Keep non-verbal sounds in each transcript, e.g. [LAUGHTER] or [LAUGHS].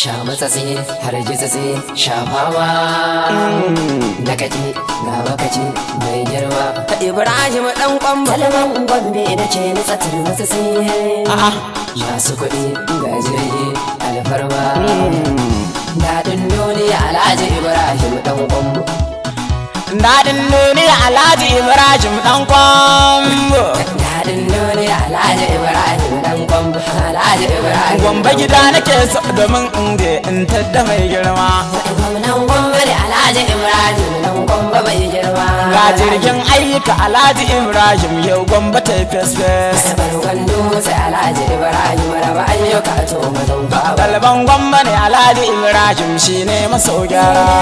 sha matsatsi har jitsatsi shafawa mm. na kaci ga bakaci mai girma ibrahim dan kwamba talman gombe na ce na tsatsar matsatsi masu kuɗi ga jirgi alfarma mm. daɗin duniya alhaji ibrahim dan kwamba Daɗin duniya alhaji ibrahim dan kwamba daɗin duniya alhaji ibrahim dan Gwamba gida nake so domin in in tadda mai girma. alhaji ibrahim nan gwamba mai girma ga jirgin ayyuka alhaji ibrahim yau gwamba ta fesfes balban dutse gwamba ne alhaji ibrahim ne maso gyara a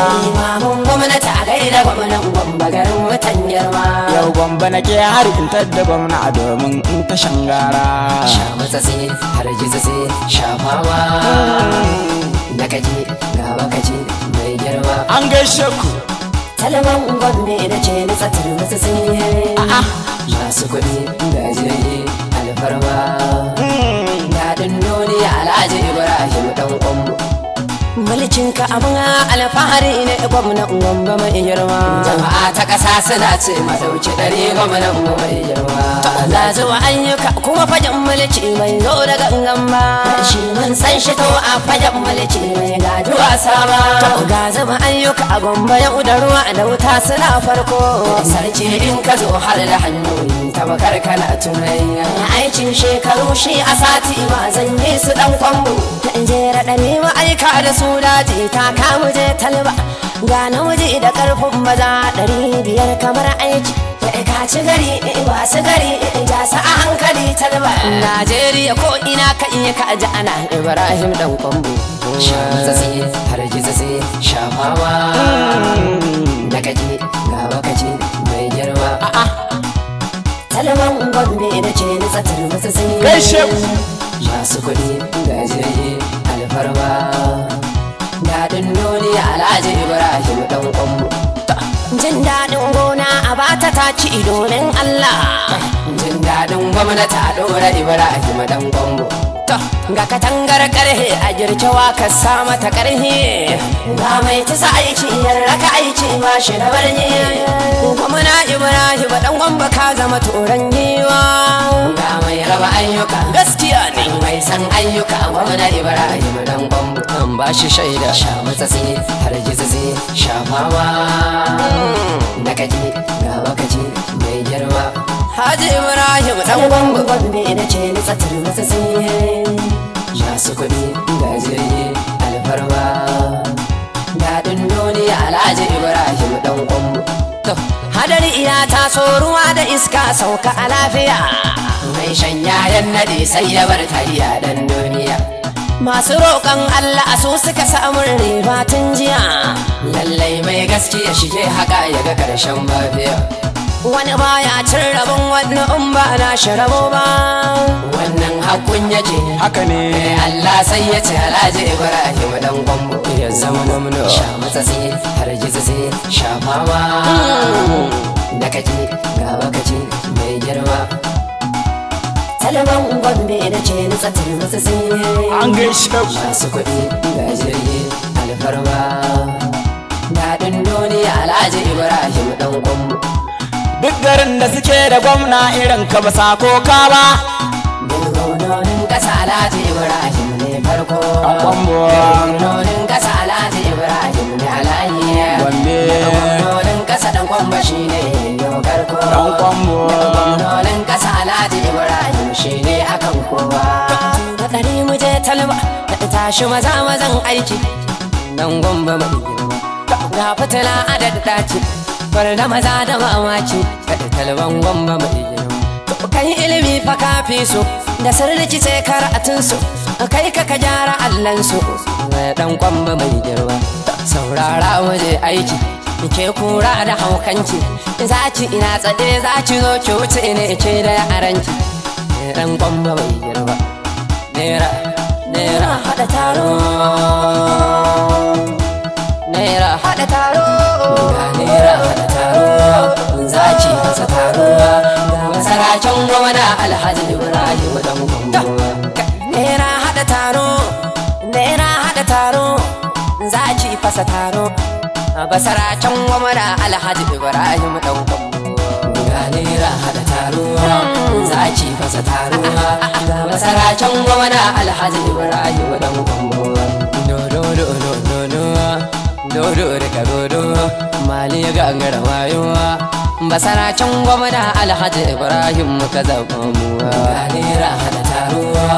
yau gwamba na ke intar da gwamna domin in ta shangara sha har ji sai shafawa da mm. kaje gaba kaje mai girma an gaishe ku talaman gwamne na ce na tsatar musu sun yi masu kuɗi gajiyayye alfarma hmm. daɗin duniya alhaji ibrahim ɗan ƙwambo mulkinka abin alfahari ne gwamnan gwamba mai girma jama'a ta ƙasa suna ce madauki ɗari gwamnan gwamba mai girma na zuwa ayyuka kuma fagen mulki mai zo daga gangan shi mun san shi to a fagen mulki mai gado a sama ga zama ayyuka a gombe yauda ruwa da wuta suna farko sarki in ka zo har da hannu tabakar kana tunai aikin shekaru shi a sati ba zan yi su dan kwambo in je raɗa ma aika da su daji ta kawo je talba ga waje da ƙarfin maza ɗari biyar kamar aiki Eh, ka ci gari wasu eh, gari eh, ja su a hankali talba. Najeriya ko ina ka iya ka ji ana Ibrahim dan kwambo. Shamsasi har jisasi shafawa. Da kaji gawa kaji mai girma. Talman gwambe da ce na tsatar masu sun Gaishe Masu kuɗi gajiyayye alfarma. Daɗin duniya Alhaji Ibrahim dan kwambo. jin daɗin gona a bata ta ci domin Allah jin daɗin gwamnati a ɗora ibara a jimadan gwamnati to ga katangar karhe a girkewa ka sa mata karhe ga mai tisa aiki yarraka aiki ba shi da barni gwamna ba dan gwamba ka zama turan giwa ga mai raba ayyuka gaskiya ne mai san ayyuka gwamna ba dan gwamba an ba shi shaida sha sai har jizzi sha fama da kaji ga wakaci mai girma Haji Ibrahim dan gwamba gwabbe na ce ni tsatar masa sihe Sha su kuɗi gajiyayye alfarma Daɗin duniya Alhaji Ibrahim dan gwamba Hadari iya ta taso ruwa da iska sauka a lafiya Mai shan yayan nade sai ya bar tariya dan duniya Masu roƙon Allah a su suka samu riba tun jiya Lallai mai gaskiya shige haka ya ga ƙarshen mafiya Wani baya cin shi rabo ba wannan hakun ya ce. haka ne eh, Allah sai ya ce Alhaji Ibrahim dan gwambo ya zama mamuno. sha masa sai har jiza sai sha mama hmm. da kake gaba kace mai girma Talaban gwambe na ce na tsatin masa sai an gaishe masu kuɗi ga jirgi alfarma daɗin duniya Alhaji Ibrahim dan gwambo duk garin da suke da gwamna irin ka ba sako ka ba Gwamnonin kasa Alhaji Ibrahim ne farko A Gwamnonin kasa Alhaji Ibrahim ne alayi Gwamnonin ƙasa ɗan kwamba shi ne yau garko Gwamnonin kasa Alhaji Ibrahim shi ne akan kowa Gari mu je talba da tashi maza mazan aiki Dan gwamba mai Ga fitila adad dace bar da maza da mamaki kaɗi talban gwamba mai gino kan ilimi fa kafi su da sirriki sai su kai ka ka gyara allansu Wai ɗan gwamba mai girma saurara waje aiki ke kura da haukanki za ki ina tsaye za ki zo ki wuce ne ke da yaranki ne dan gwamba bai girma. naira Nera haɗa taro Nera haɗa taro kira wani taro da alhaji ibrahim dan nera hada taro nera hada taro fasa taro alhaji ibrahim ga nera hada fasa da alhaji ibrahim dan gungo no no no no mali ya gangar wayowa basara can gwamna alhaji ibrahim muka zaɓa muwa galera hana taruwa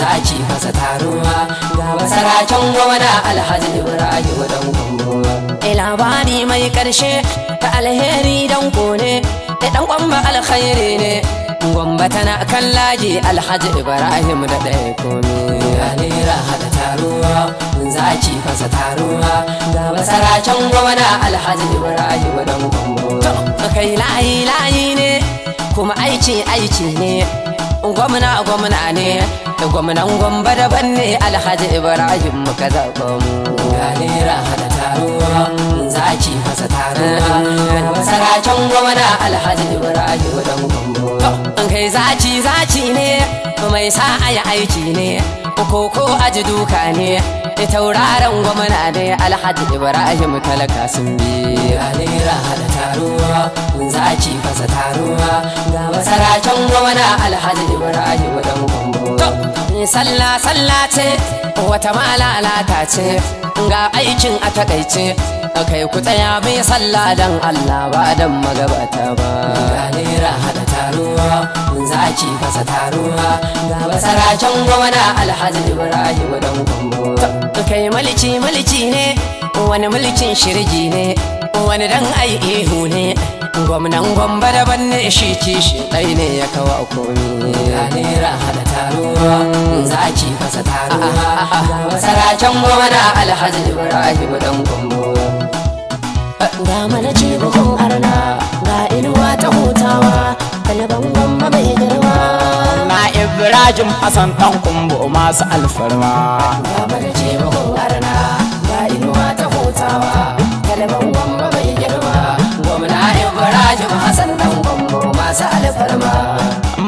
zaki fasa taruwa ga basara can gwamna alhaji ibrahim dan ila labari mai karshe ta alheri dan kone ta dan kwamba alkhairi ne Gwamba tana kan laji Alhaji Ibrahim da ɗaya komi. lera haɗa taruwa, mun zaki fasa taruwa, ga masaracin gwamna Alhaji Ibrahim dan gwambo. To, kai layi layi ne, kuma aiki aiki ne, gwamna gwamna ne, da gwamnan gwamba daban ne Alhaji Ibrahim muka zaɓa mu. lera haɗa taruwa, mun zaki fasa taruwa, ga masaracin gwamna Alhaji Ibrahim dan an kai zaci zaci ne mai sa ayi aiki ne koko aji duka ne da tauraron gwamna ne alhaji ibrahim talaka sun bi galera hada taruwa mun zaci fasa taruwa ga masaracen gwamna alhaji ibrahim dan gwambo sallah sallah ce wata malalata ce ga aikin a takaice kai ku tsaya mai sallah dan Allah ba dan magabata ba gane ra hada taruwa in za ki fasa taruwa ga basaracen gwamna alhaji ibrahim dan gombo kai mulki mulki ne wani mulkin shirgi ne wani dan ai ihu ne gwamnan gwamba da ne shi ci shi dai ne ya kawo komi ra hada taruwa za a fasa taruwa masaracen gwamna alhaji ibrahim dan gwamba ga mana ce bugun arna ga inuwa ta hutawa kalban gwamma mai girma na ibrahim hassan dan kumbu masu alfarma ga mana ce bugun arna ga inuwa ta hutawa kalban gwamma mai girma gwamna ibrahim hassan dan kumbu masu alfarma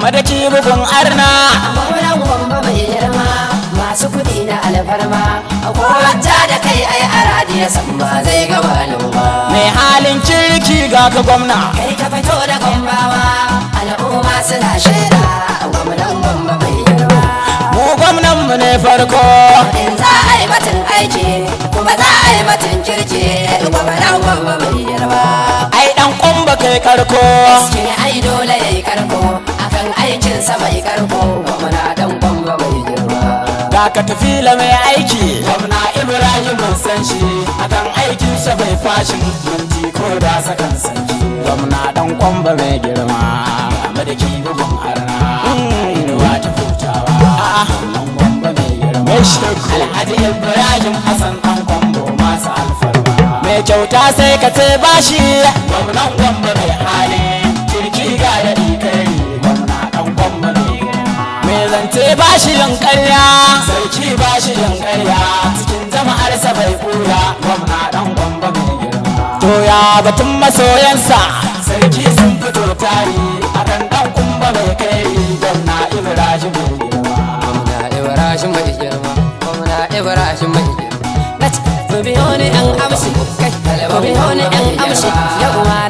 madaki bugun arna ya san ba zai ga balo ba mai halin kirki ga ka gwamna kai ka fito da gwambawa al'umma suna shaida gwamnan gwamba bai girma mu gwamnan mu ne farko in za a yi batun aiki kuma za a yi batun kirki gwamnan gwamba bai girma ai dan kumba kai karko gaskiya ai dole ya yayi karko akan aikin sa mai karko gwamna gwamna ka tafi la mai aiki gwamna ibrahim mun san shi kan aikin sa bai fashin minti ko da sakan sanki gwamna dan kwamba mai girma amma da bugun arna inuwa ta futawa wannan kwamba mai girma alhaji ibrahim hasan dan kwambo masu alfarma mai kyauta sai ka ce bashi gwamnan kwamba mai hali zance ba shi yin karya sarki ba shi yin karya cikin jama'arsa bai kura gwamna dan gwamba mai girma to ya batun masoyansa sarki sun fito tari a kan dan kumba mai kai gwamna ibrahim mai girma gwamna ibrahim mai girma gwamna ibrahim mai girma na ce ko biyo ni yan amshi kai ku biyo ni yan amshi yawa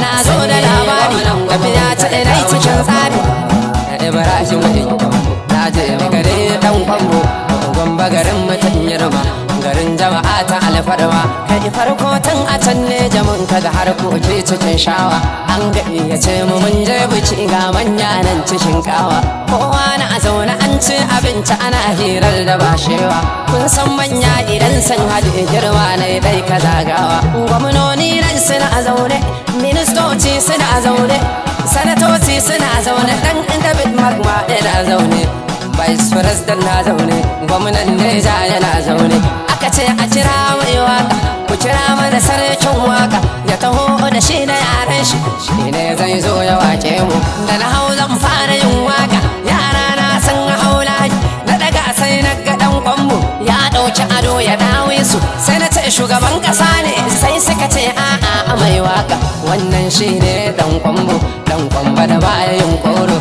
alfarma ka farko tun a can ne jamun ka ga har koke cikin shawa an gaɗe ya ce mu mun je buci ga manya nan cikin kawa kowa na a zaune an ci abinci ana hirar da bashewa kun san manya idan san haɗe girma na dai ka zagawa gwamnoni nan suna a zaune ministoci suna a zaune sanatoci suna a zaune ɗan inda bit magma ɗin a zaune vice president na zaune gwamnan neja yana zaune aka ce a kira mai waka ku kira mana sarkin waka ya taho da shi da yaran shi shi ne zai zo ya wake mu da na hau zan fara yin waka yara na sun hau layi na daga sai na ga dan kwanmu ya dauki ado ya dawo su sai na ce shugaban kasa ne sai suka ce a'a mai waka wannan shi ne dan kwambo dan kwamba da baya yin koro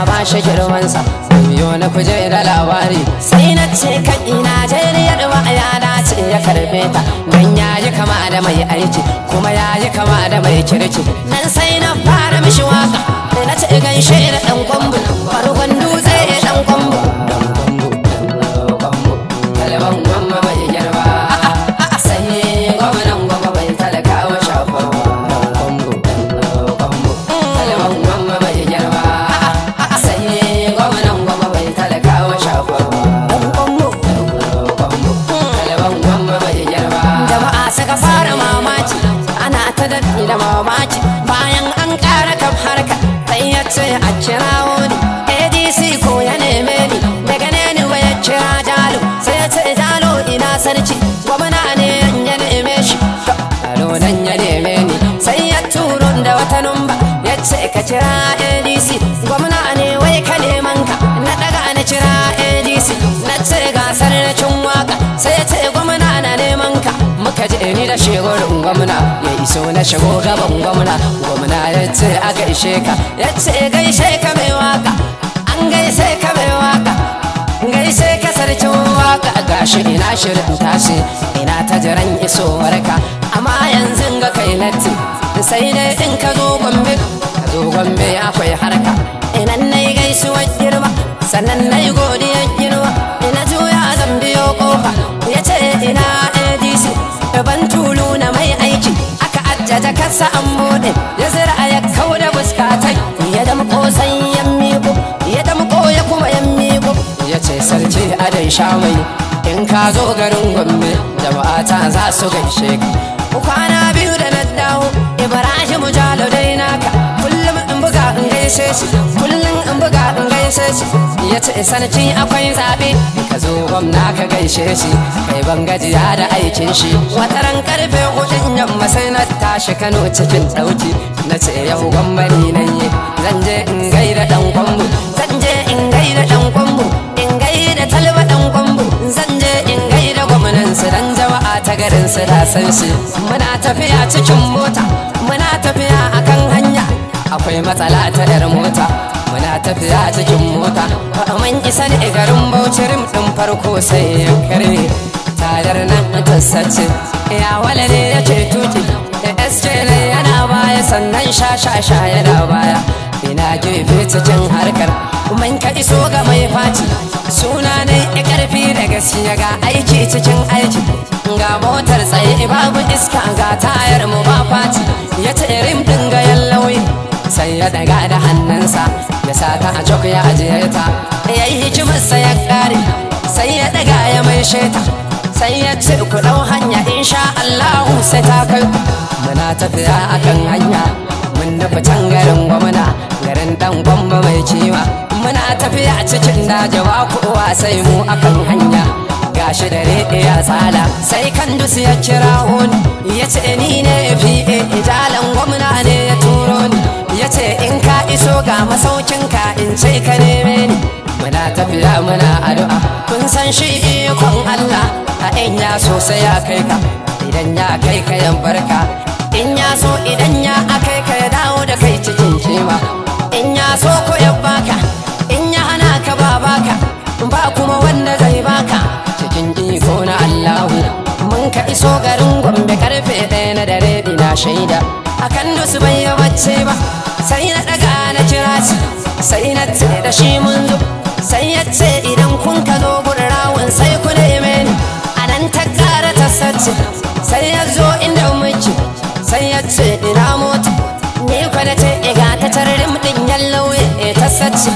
a ba shi girmansa biyo na kuje da labari sai na ce kan ina jariyar ba ya dace ya karbe ta dan ya yi kama da mai aiki kuma ya yi kama da mai kirki nan sai na fara mishi waka na ce ganshe da dan kwambu cira adc gwamna ne wai ka neman ka na daga na cira adc na ce gasar na cin waka sai ya ce gwamna na neman ka muka je ni da shegorin gwamna ya iso na shigo gaban gwamna gwamna ya ce a gaishe ka ya ce gaishe ka mai waka an gaishe ka mai waka gaishe ka sarkin waka gashi ina shirin tashi ina ta jiran isowarka amma yanzu ga kai latti sai dai in ka zo gombe ka zo gombe akwai harka ina na yi gaisuwar girma sannan na yi godiyar girma ina juya zan biyo kofa ya ce ina adc ban tulu na mai aiki aka ajjaja kasa an bude ya zira ya kau da fuskatai ya damko san yan miko ya damko ya kuma yan miko ya ce sarki adai sha in ka zo garin gombe jama'a ta za su gaishe ka kwana biyu da na sai kullun kullum in buga in gaishe shi ya ce sarki akwai zaɓe ka zo gwamna ka gaishe shi kai ban gajiya da aikin shi wataran karfe hudun yamma sai na tashi kano cikin ɗauki na ce yau gwamnati nan yi zan je in gaida ɗan kwambu. zan je in gaida dan kwambo in gaida talba ɗan kwambu. zan je in gaida gwamnan su dan jama'a ta garin su da san shi muna tafiya cikin mota muna tafiya akan hanya akwai matsala ta yar mota muna tafiya cikin mota mun isa ne garin bauchi rim din farko sai ya kare tayar nan ta sace ya walale ne ya ce tuki da sj ne yana baya sannan sha sha sha yana baya ina gefe cikin harkar mun ka iso ga mai faci suna ne karfi da gaskiya ga aiki cikin aiki ga motar tsaye babu iska ga tayar mu ba faci ya ce rim din ga sai ya daga da hannunsa ya sata a cok ya ajiye ta ya yi hikimarsa ya kare sai ya daga ya mai sheta sai ya ce ku dau hanya insha Allah, sai ta kai muna tafiya akan hanya mun nufi can garin gwamna garin dan gwamma mai cewa. muna tafiya cikin dajawa kowa sai mu akan hanya gashi da rede ya tsala sai kan ya kira hon ya ce ni ne fi ijalan gwamna ne ya turo ni ya ce in ka iso ga masaukinka in ce ka neme ni muna tafiya muna addu'a kun san shi ikon Allah a in ya so sai ya kai ka idan ya kai ka yan barka in ya so idan ya akai ka ya dawo da kai cikin kima in ya so ko ya baka in ya hana ka ba baka ba kuma wanda zai baka cikin iko na Allah mun ka iso garin Gombe karfe ɗaya na dare shaida akan dusu bai yi bacci ba sai na daga na kira shi sai na ce da shi mun zo sai ya ce idan kun ka zo gurin rawun sai ku ne ni a nan ta kara ta sace sai ya zo inda muke sai ya ce ina mota ne ku na ce iga ta tarrim din yallauye [LAUGHS] eh ta sace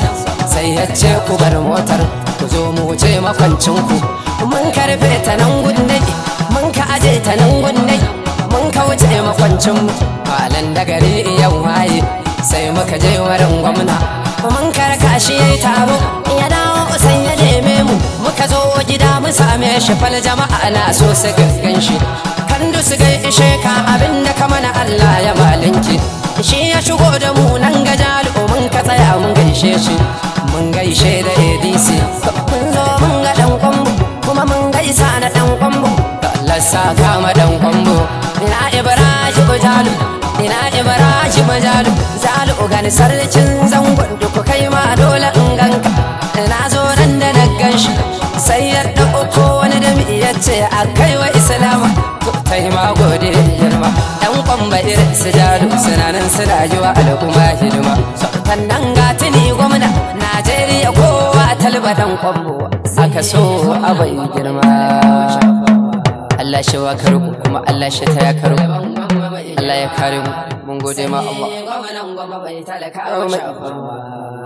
sai ya ce ku bar motar ku zo mu wuce makwancinku mun karfe ta nan gundai mun ka aje ta nan gundai mun kauce makwancin halan da gari yau waye sai muka je wurin gwamna mun karkashi yayi taro ya dawo kusan ya neme mu muka zo gida mu same shi fal jama'a na so su gangan shi kan su gaishe ka abinda ka mana Allah ya malinki shi ya shigo da mu nan ga jalo mun ka tsaya mun gaishe shi mun gaishe da ADC mun zo mun ga dan kuma mun gaisa na dan kwambo Allah sa kama dan kwambo ina ibrahim jalu ina ibrahim jalu zalu ugan sarkin zango duk kai ma dole in ganka ina zo nan da na ganshi sai ya dauko wani da mi ce a kai wa islama to kai ma gode girma dan kwamba irin su jalu suna nan suna jiwa al'umma hidima sannan ga tuni gwamna najeriya kowa talba dan kwambo aka so bai girma Allah shi baka karu kuma Allah shi taya ya karu Allah ya kare mu mun gode ma Allah